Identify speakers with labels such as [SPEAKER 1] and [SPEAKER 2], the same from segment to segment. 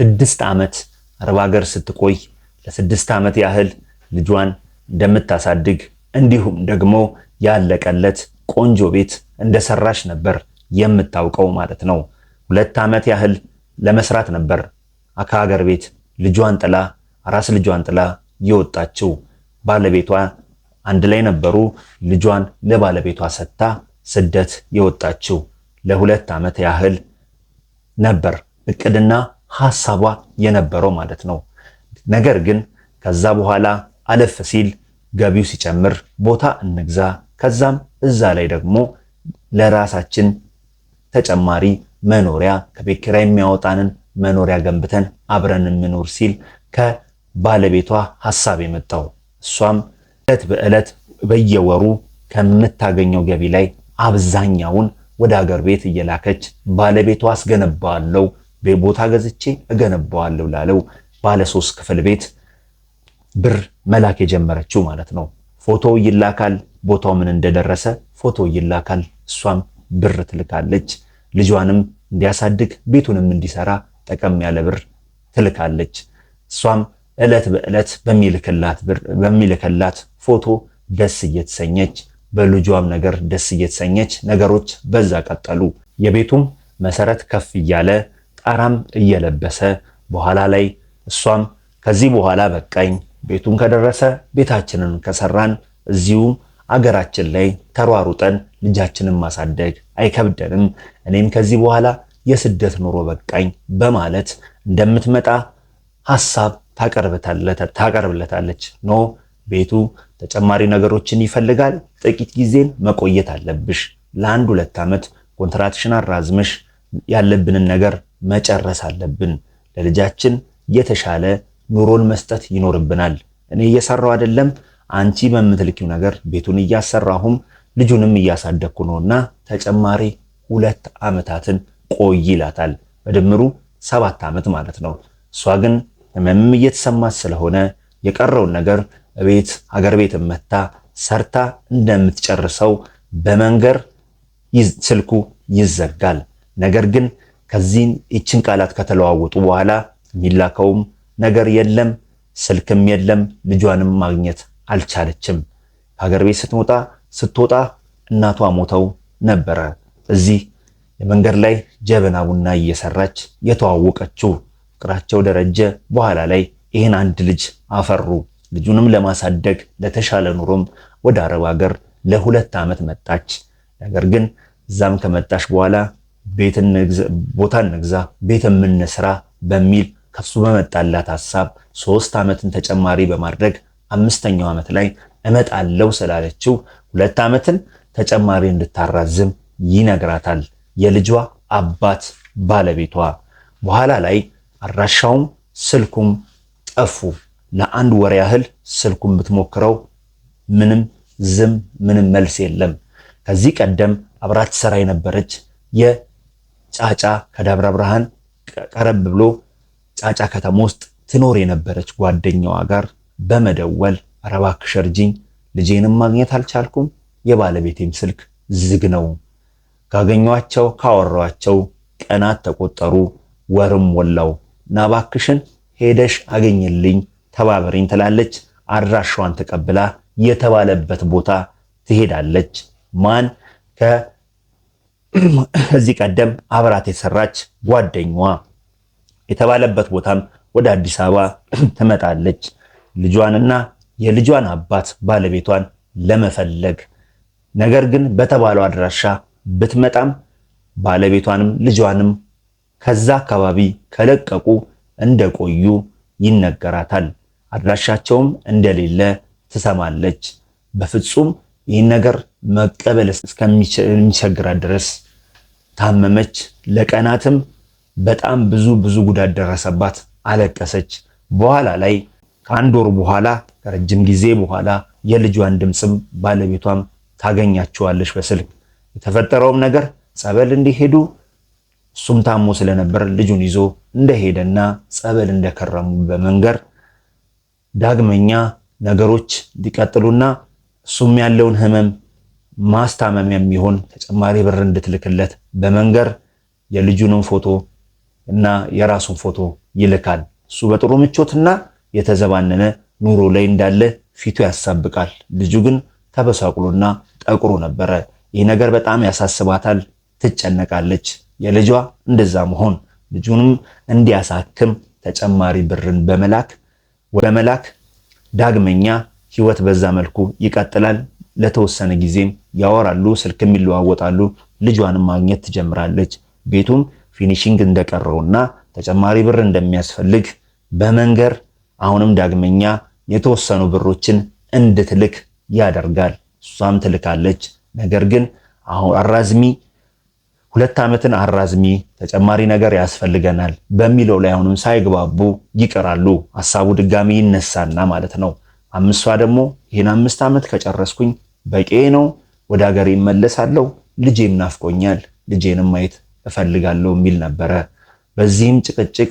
[SPEAKER 1] ስድስት ዓመት አረብ ሀገር ስትቆይ ለስድስት ዓመት ያህል ልጇን እንደምታሳድግ እንዲሁም ደግሞ ያለቀለት ቆንጆ ቤት እንደሰራች ነበር የምታውቀው ማለት ነው። ሁለት ዓመት ያህል ለመስራት ነበር ከሀገር ቤት ልጇን ጥላ አራስ ልጇን ጥላ የወጣችው። ባለቤቷ አንድ ላይ ነበሩ። ልጇን ለባለቤቷ ሰጥታ ስደት የወጣችው ለሁለት ዓመት ያህል ነበር እቅድና ሀሳቧ የነበረው ማለት ነው። ነገር ግን ከዛ በኋላ አለፍ ሲል ገቢው ሲጨምር ቦታ እንግዛ፣ ከዛም እዛ ላይ ደግሞ ለራሳችን ተጨማሪ መኖሪያ ከቤት ኪራይ የሚያወጣንን መኖሪያ ገንብተን አብረን የምኖር ሲል ከባለቤቷ ሀሳብ የመጣው እሷም ዕለት በዕለት በየወሩ ከምታገኘው ገቢ ላይ አብዛኛውን ወደ ሀገር ቤት እየላከች ባለቤቷ አስገነባለው ቦታ ገዝቼ እገነባዋለሁ ላለው ባለ ሶስት ክፍል ቤት ብር መላክ የጀመረችው ማለት ነው። ፎቶ ይላካል፣ ቦታው ምን እንደደረሰ ፎቶ ይላካል። እሷም ብር ትልካለች። ልጇንም እንዲያሳድግ ቤቱንም እንዲሰራ ጠቀም ያለ ብር ትልካለች። እሷም ዕለት በዕለት በሚልክላት ፎቶ ደስ እየተሰኘች በልጇም ነገር ደስ እየተሰኘች ነገሮች በዛ ቀጠሉ። የቤቱም መሰረት ከፍ እያለ ጣራም እየለበሰ በኋላ ላይ እሷም ከዚህ በኋላ በቃኝ፣ ቤቱን ከደረሰ ቤታችንን ከሰራን እዚሁም አገራችን ላይ ተሯሩጠን ልጃችንን ማሳደግ አይከብደንም፣ እኔም ከዚህ በኋላ የስደት ኑሮ በቃኝ በማለት እንደምትመጣ ሀሳብ ታቀርብለታለች። ኖ ቤቱ ተጨማሪ ነገሮችን ይፈልጋል፣ ጥቂት ጊዜን መቆየት አለብሽ፣ ለአንድ ሁለት ዓመት ኮንትራትሽን አራዝመሽ ያለብንን ነገር መጨረስ አለብን። ለልጃችን የተሻለ ኑሮን መስጠት ይኖርብናል። እኔ እየሰራው አይደለም፣ አንቺ በምትልኪው ነገር ቤቱን እያሰራሁም ልጁንም እያሳደግኩ ነውና ተጨማሪ ሁለት ዓመታትን ቆይ ይላታል። በድምሩ ሰባት ዓመት ማለት ነው። እሷ ግን ህመምም እየተሰማት ስለሆነ የቀረውን ነገር ቤት አገር ቤት መታ ሰርታ እንደምትጨርሰው በመንገር ስልኩ ይዘጋል። ነገር ግን ከዚህን ይችን ቃላት ከተለዋወጡ በኋላ የሚላከውም ነገር የለም፣ ስልክም የለም፣ ልጇንም ማግኘት አልቻለችም። ከሀገር ቤት ስትወጣ ስትወጣ እናቷ ሞተው ነበረ። እዚህ የመንገድ ላይ ጀበና ቡና እየሰራች የተዋወቀችው ፍቅራቸው ደረጀ በኋላ ላይ ይህን አንድ ልጅ አፈሩ። ልጁንም ለማሳደግ ለተሻለ ኑሮም ወደ አረብ ሀገር ለሁለት ዓመት መጣች። ነገር ግን እዛም ከመጣች በኋላ ቦታ እንግዛ፣ ቤት የምንስራ በሚል ከሱ በመጣላት ሀሳብ ሶስት ዓመትን ተጨማሪ በማድረግ አምስተኛው ዓመት ላይ እመጣለው ስላለችው ሁለት ዓመትን ተጨማሪ እንድታራዝም ይነግራታል። የልጇ አባት ባለቤቷ በኋላ ላይ አድራሻውም ስልኩም ጠፉ። ለአንድ ወር ያህል ስልኩም ብትሞክረው ምንም ዝም፣ ምንም መልስ የለም። ከዚህ ቀደም አብራት ሰራ የነበረች ጫጫ ከደብረ ብርሃን ቀረብ ብሎ ጫጫ ከተማ ውስጥ ትኖር የነበረች ጓደኛዋ ጋር በመደወል ኧረ እባክሽ እርጂኝ፣ ልጄንም ማግኘት አልቻልኩም፣ የባለቤቴም ስልክ ዝግ ነው። ካገኟቸው ካወሯቸው ቀናት ተቆጠሩ፣ ወርም ሞላው። ና እባክሽን ሄደሽ አገኝልኝ ተባበሪኝ ትላለች። አድራሻዋን ተቀብላ የተባለበት ቦታ ትሄዳለች። ማን ከ እዚህ ቀደም አብራት የሰራች ጓደኛዋ የተባለበት ቦታም ወደ አዲስ አበባ ትመጣለች። ልጇንና የልጇን አባት ባለቤቷን ለመፈለግ ነገር ግን በተባለው አድራሻ ብትመጣም ባለቤቷንም ልጇንም ከዛ አካባቢ ከለቀቁ እንደቆዩ ይነገራታል። አድራሻቸውም እንደሌለ ትሰማለች። በፍጹም ይህን ነገር መቀበል እስከሚቸግራት ድረስ ታመመች። ለቀናትም በጣም ብዙ ብዙ ጉዳት ደረሰባት፣ አለቀሰች። በኋላ ላይ ከአንድ ወር በኋላ ከረጅም ጊዜ በኋላ የልጇን ድምፅም ባለቤቷም ታገኛቸዋለች በስልክ የተፈጠረውም ነገር ጸበል እንዲሄዱ እሱም ታሞ ስለነበር ልጁን ይዞ እንደሄደና ጸበል እንደከረሙ በመንገር ዳግመኛ ነገሮች እንዲቀጥሉና እሱም ያለውን ህመም ማስታመሚያ የሚሆን ተጨማሪ ብር እንድትልክለት በመንገር የልጁንም ፎቶ እና የራሱን ፎቶ ይልካል። እሱ በጥሩ ምቾትና የተዘባነነ ኑሮ ላይ እንዳለ ፊቱ ያሳብቃል። ልጁ ግን ተበሳቅሎና ጠቁሮ ነበረ። ይህ ነገር በጣም ያሳስባታል፣ ትጨነቃለች። የልጇ እንደዛ መሆን ልጁንም እንዲያሳክም ተጨማሪ ብርን በመላክ በመላክ ዳግመኛ ህይወት በዛ መልኩ ይቀጥላል። ለተወሰነ ጊዜም ያወራሉ፣ ስልክም ይለዋወጣሉ። ልጇንም ማግኘት ትጀምራለች። ቤቱም ፊኒሽንግ እንደቀረውና ተጨማሪ ብር እንደሚያስፈልግ በመንገር አሁንም ዳግመኛ የተወሰኑ ብሮችን እንድትልክ ያደርጋል። እሷም ትልካለች። ነገር ግን አሁን አራዝሚ ሁለት ዓመትን አራዝሚ ተጨማሪ ነገር ያስፈልገናል በሚለው ላይ አሁንም ሳይግባቡ ይቀራሉ። ሀሳቡ ድጋሚ ይነሳና ማለት ነው። አምስቷ ደግሞ ይህን አምስት ዓመት ከጨረስኩኝ በቄ ነው፣ ወደ ሀገር እመለሳለሁ፣ ልጄም ናፍቆኛል፣ ልጄንም ማየት እፈልጋለሁ የሚል ነበረ። በዚህም ጭቅጭቅ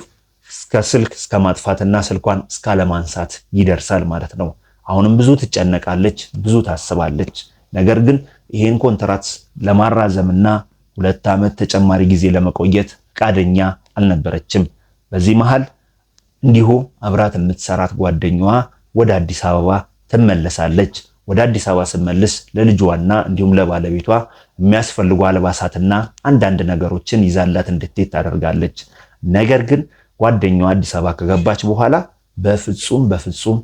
[SPEAKER 1] እስከ ስልክ እስከ ማጥፋትና ስልኳን እስከ ለማንሳት ይደርሳል ማለት ነው። አሁንም ብዙ ትጨነቃለች፣ ብዙ ታስባለች። ነገር ግን ይህን ኮንትራት ለማራዘምና ሁለት ዓመት ተጨማሪ ጊዜ ለመቆየት ፈቃደኛ አልነበረችም። በዚህ መሃል እንዲሁ አብራት የምትሰራት ጓደኛዋ ወደ አዲስ አበባ ትመለሳለች። ወደ አዲስ አበባ ስመልስ ለልጇና እንዲሁም ለባለቤቷ የሚያስፈልጉ አልባሳትና አንዳንድ ነገሮችን ይዛላት እንድትሄድ ታደርጋለች። ነገር ግን ጓደኛዋ አዲስ አበባ ከገባች በኋላ በፍጹም በፍጹም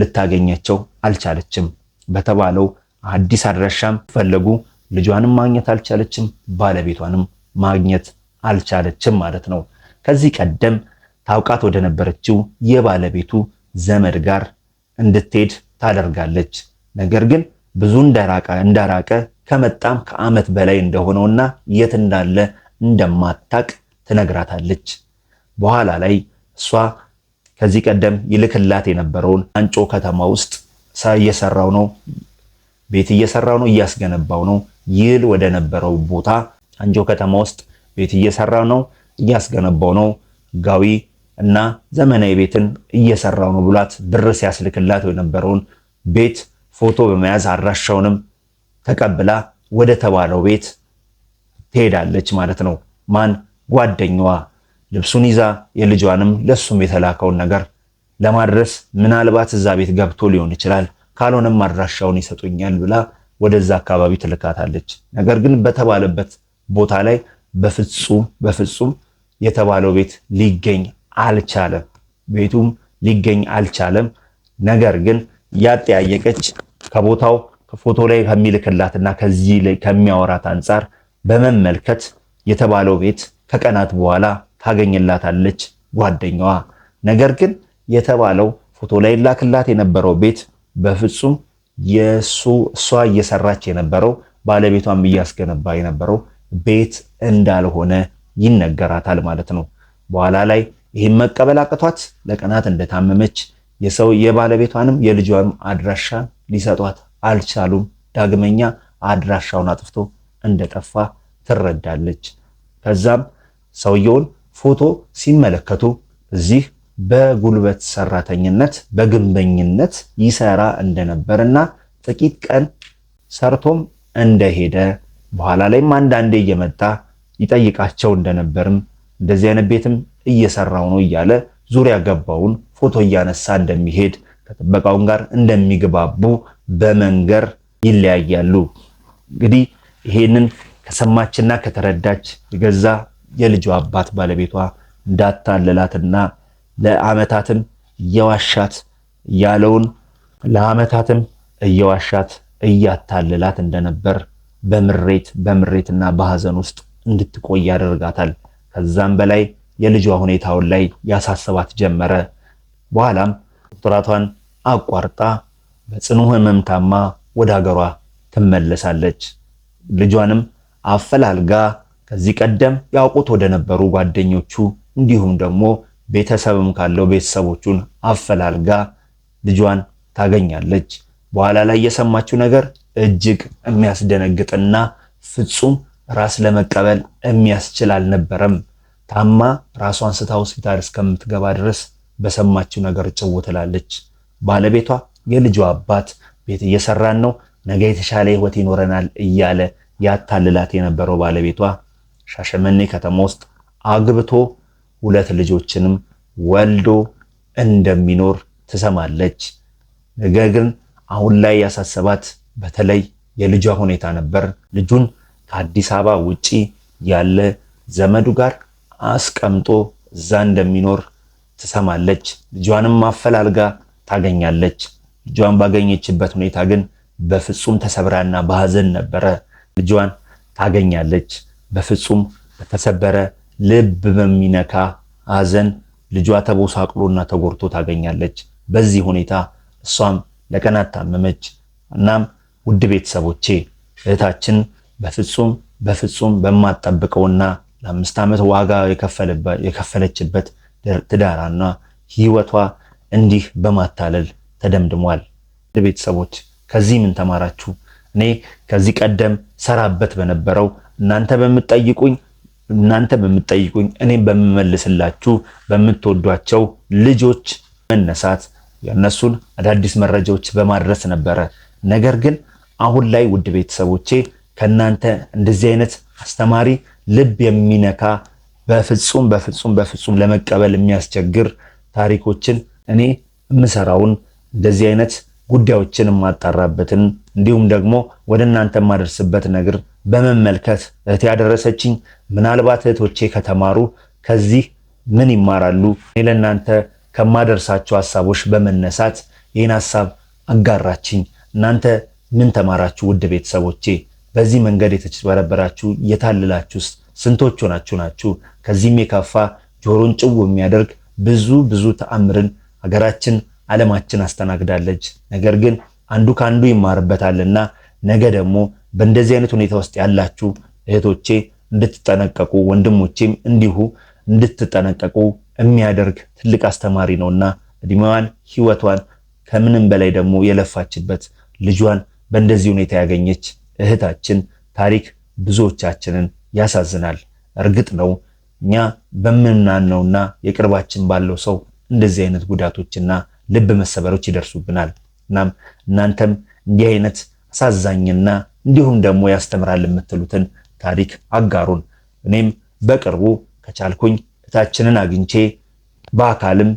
[SPEAKER 1] ልታገኛቸው አልቻለችም። በተባለው አዲስ አድራሻም ፈለጉ ልጇንም ማግኘት አልቻለችም፣ ባለቤቷንም ማግኘት አልቻለችም ማለት ነው። ከዚህ ቀደም ታውቃት ወደ ነበረችው የባለቤቱ ዘመድ ጋር እንድትሄድ ታደርጋለች። ነገር ግን ብዙ እንደራቀ ከመጣም ከዓመት በላይ እንደሆነውና የት እንዳለ እንደማታቅ ትነግራታለች። በኋላ ላይ እሷ ከዚህ ቀደም ይልክላት የነበረውን አንጮ ከተማ ውስጥ እየሰራው ነው ቤት እየሰራው ነው እያስገነባው ነው ይል ወደ ነበረው ቦታ አንጆ ከተማ ውስጥ ቤት እየሰራ ነው እያስገነባው ነው ጋዊ እና ዘመናዊ ቤትን እየሰራው ነው ብሏት ብር ሲያስልክላት የነበረውን ቤት ፎቶ በመያዝ አድራሻውንም ተቀብላ ወደ ተባለው ቤት ትሄዳለች ማለት ነው። ማን ጓደኛዋ ልብሱን ይዛ የልጇንም ለሱም የተላከውን ነገር ለማድረስ ምናልባት እዛ ቤት ገብቶ ሊሆን ይችላል፣ ካልሆነም አድራሻውን ይሰጡኛል ብላ ወደዛ አካባቢ ትልካታለች። ነገር ግን በተባለበት ቦታ ላይ በፍጹም በፍጹም የተባለው ቤት ሊገኝ አልቻለም። ቤቱም ሊገኝ አልቻለም። ነገር ግን ያጠያየቀች ከቦታው ፎቶ ላይ ከሚልክላትና ከዚህ ላይ ከሚያወራት አንጻር በመመልከት የተባለው ቤት ከቀናት በኋላ ታገኝላታለች ጓደኛዋ። ነገር ግን የተባለው ፎቶ ላይ ላክላት የነበረው ቤት በፍጹም የእሱ እሷ እየሰራች የነበረው ባለቤቷም እያስገነባ የነበረው ቤት እንዳልሆነ ይነገራታል ማለት ነው በኋላ ላይ ይህም መቀበል አቅቷት ለቀናት እንደታመመች የሰው የባለቤቷንም የልጇም አድራሻ ሊሰጧት አልቻሉም። ዳግመኛ አድራሻውን አጥፍቶ እንደጠፋ ትረዳለች። ከዛም ሰውየውን ፎቶ ሲመለከቱ እዚህ በጉልበት ሰራተኝነት በግንበኝነት ይሰራ እንደነበርና ጥቂት ቀን ሰርቶም እንደሄደ በኋላ ላይም አንዳንዴ እየመጣ ይጠይቃቸው እንደነበርም እንደዚህ አይነት ቤትም እየሰራው ነው እያለ ዙሪያ ገባውን ፎቶ እያነሳ እንደሚሄድ ከጥበቃውን ጋር እንደሚግባቡ በመንገር ይለያያሉ። እንግዲህ ይሄንን ከሰማችና ከተረዳች የገዛ የልጇ አባት ባለቤቷ እንዳታለላትና ለአመታትም እየዋሻት ያለውን ለአመታትም እየዋሻት እያታለላት እንደነበር በምሬት በምሬትና በሐዘን ውስጥ እንድትቆይ ያደርጋታል። ከዛም በላይ የልጇ ሁኔታውን ላይ ያሳሰባት ጀመረ። በኋላም ዶክተራቷን አቋርጣ በጽኑ ህመም ታማ ወደ ሀገሯ ትመለሳለች። ልጇንም አፈላልጋ ከዚህ ቀደም ያውቁት ወደ ነበሩ ጓደኞቹ እንዲሁም ደግሞ ቤተሰብም ካለው ቤተሰቦቹን አፈላልጋ ልጇን ታገኛለች። በኋላ ላይ የሰማችው ነገር እጅግ የሚያስደነግጥና ፍጹም ራስ ለመቀበል የሚያስችል አልነበረም። ታማ ራሷን ስታ ሆስፒታል እስከምትገባ ድረስ በሰማችው ነገር ጭው ትላለች። ባለቤቷ የልጇ አባት ቤት እየሰራን ነው፣ ነገ የተሻለ ህይወት ይኖረናል እያለ ያታልላት የነበረው ባለቤቷ ሻሸመኔ ከተማ ውስጥ አግብቶ ሁለት ልጆችንም ወልዶ እንደሚኖር ትሰማለች። ነገር ግን አሁን ላይ ያሳሰባት በተለይ የልጇ ሁኔታ ነበር። ልጁን ከአዲስ አበባ ውጪ ያለ ዘመዱ ጋር አስቀምጦ እዛ እንደሚኖር ትሰማለች። ልጇንም ማፈላልጋ ታገኛለች። ልጇን ባገኘችበት ሁኔታ ግን በፍጹም ተሰብራና በሐዘን ነበረ። ልጇን ታገኛለች። በፍጹም በተሰበረ ልብ በሚነካ ሐዘን ልጇ ተቦሳቅሎና ተጎርቶ ታገኛለች። በዚህ ሁኔታ እሷም ለቀናት ታመመች። እናም ውድ ቤተሰቦቼ እህታችን በፍጹም በፍጹም በማጠብቀውና ለአምስት ዓመት ዋጋ የከፈለችበት ትዳራና ህይወቷ እንዲህ በማታለል ተደምድሟል። ቤተሰቦች ከዚህ ምን ተማራችሁ? እኔ ከዚህ ቀደም ሰራበት በነበረው እናንተ በምትጠይቁኝ እናንተ በምትጠይቁኝ እኔም በምመልስላችሁ በምትወዷቸው ልጆች መነሳት የእነሱን አዳዲስ መረጃዎች በማድረስ ነበረ። ነገር ግን አሁን ላይ ውድ ቤተሰቦቼ ከእናንተ እንደዚህ አይነት አስተማሪ ልብ የሚነካ በፍጹም በፍጹም በፍጹም ለመቀበል የሚያስቸግር ታሪኮችን እኔ የምሰራውን እንደዚህ አይነት ጉዳዮችን የማጣራበትን እንዲሁም ደግሞ ወደ እናንተ የማደርስበት ነገር በመመልከት እህት ያደረሰችኝ ምናልባት እህቶቼ ከተማሩ ከዚህ ምን ይማራሉ? እኔ ለእናንተ ከማደርሳቸው ሀሳቦች በመነሳት ይህን ሀሳብ አጋራችኝ። እናንተ ምን ተማራችሁ? ውድ ቤተሰቦቼ በዚህ መንገድ የተጭበረበራችሁ የታለላችሁስ ስንቶች ሆናችሁ ናችሁ? ከዚህም የከፋ ጆሮን ጭው የሚያደርግ ብዙ ብዙ ተአምርን ሀገራችን ዓለማችን አስተናግዳለች። ነገር ግን አንዱ ከአንዱ ይማርበታልና ነገ ደግሞ በእንደዚህ አይነት ሁኔታ ውስጥ ያላችሁ እህቶቼ እንድትጠነቀቁ፣ ወንድሞቼም እንዲሁ እንድትጠነቀቁ የሚያደርግ ትልቅ አስተማሪ ነውና እድሜዋን ህይወቷን ከምንም በላይ ደግሞ የለፋችበት ልጇን በእንደዚህ ሁኔታ ያገኘች እህታችን ታሪክ ብዙዎቻችንን ያሳዝናል። እርግጥ ነው እኛ በምናነውና የቅርባችን ባለው ሰው እንደዚህ አይነት ጉዳቶችና ልብ መሰበሮች ይደርሱብናል። እናም እናንተም እንዲህ አይነት አሳዛኝና እንዲሁም ደግሞ ያስተምራል የምትሉትን ታሪክ አጋሩን። እኔም በቅርቡ ከቻልኩኝ እህታችንን አግኝቼ በአካልም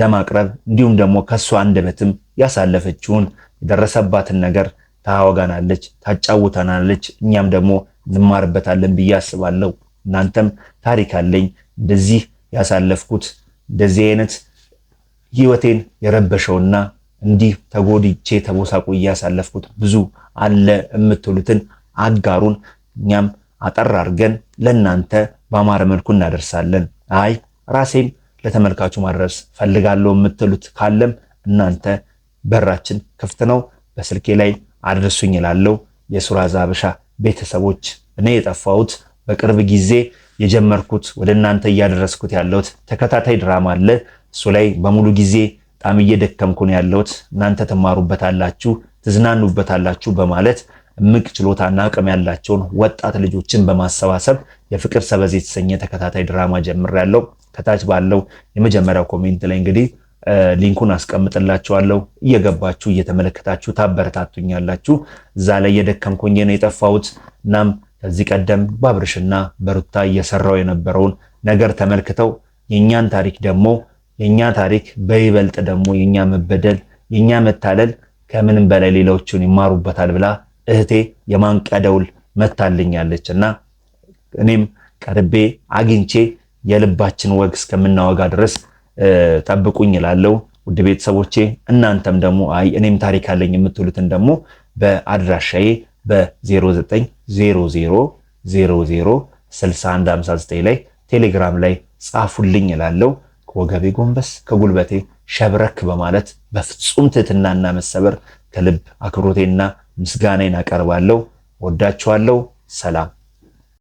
[SPEAKER 1] ለማቅረብ እንዲሁም ደግሞ ከሷ አንደበትም ያሳለፈችውን የደረሰባትን ነገር ታወጋናለች ታጫውተናለች። እኛም ደግሞ እንማርበታለን ብዬ አስባለሁ። እናንተም ታሪክ አለኝ እንደዚህ ያሳለፍኩት እንደዚህ አይነት ህይወቴን የረበሸውና እንዲህ ተጎድቼ ተቦሳቁ እያሳለፍኩት ብዙ አለ የምትሉትን አጋሩን። እኛም አጠር አድርገን ለእናንተ በአማረ መልኩ እናደርሳለን። አይ ራሴም ለተመልካቹ ማድረስ ፈልጋለሁ የምትሉት ካለም እናንተ በራችን ክፍት ነው። በስልኬ ላይ አድርሱኝ እላለሁ። የሱራ ዛብሻ ቤተሰቦች እኔ የጠፋሁት በቅርብ ጊዜ የጀመርኩት ወደ እናንተ እያደረስኩት ያለሁት ተከታታይ ድራማ አለ። እሱ ላይ በሙሉ ጊዜ በጣም እየደከምኩ ነው ያለሁት። እናንተ ትማሩበታላችሁ፣ ትዝናኑበታላችሁ በማለት እምቅ ችሎታና አቅም ያላቸውን ወጣት ልጆችን በማሰባሰብ የፍቅር ሰበዝ የተሰኘ ተከታታይ ድራማ ጀምሬያለሁ። ከታች ባለው የመጀመሪያው ኮሜንት ላይ እንግዲህ ሊንኩን አስቀምጥላችኋለሁ እየገባችሁ እየተመለከታችሁ ታበረታቱኛላችሁ። እዛ ላይ የደከምኩኝ ነው የጠፋሁት። እናም ከዚህ ቀደም በአብርሽና በሩታ እየሰራው የነበረውን ነገር ተመልክተው የእኛን ታሪክ ደግሞ የእኛ ታሪክ በይበልጥ ደግሞ የእኛ መበደል የእኛ መታለል ከምንም በላይ ሌላዎችን ይማሩበታል ብላ እህቴ የማንቀደውል መታልኛለች እና እኔም ቀርቤ አግኝቼ የልባችን ወግ እስከምናወጋ ድረስ ጠብቁኝ እላለሁ። ውድ ቤተሰቦቼ እናንተም ደግሞ አይ እኔም ታሪክ አለኝ የምትሉትን ደግሞ በአድራሻዬ በ0900006159 ላይ ቴሌግራም ላይ ጻፉልኝ እላለሁ። ከወገቤ ጎንበስ ከጉልበቴ ሸብረክ በማለት በፍጹም ትህትናና መሰበር ከልብ አክብሮቴና ምስጋናዬን አቀርባለሁ። ወዳችኋለሁ። ሰላም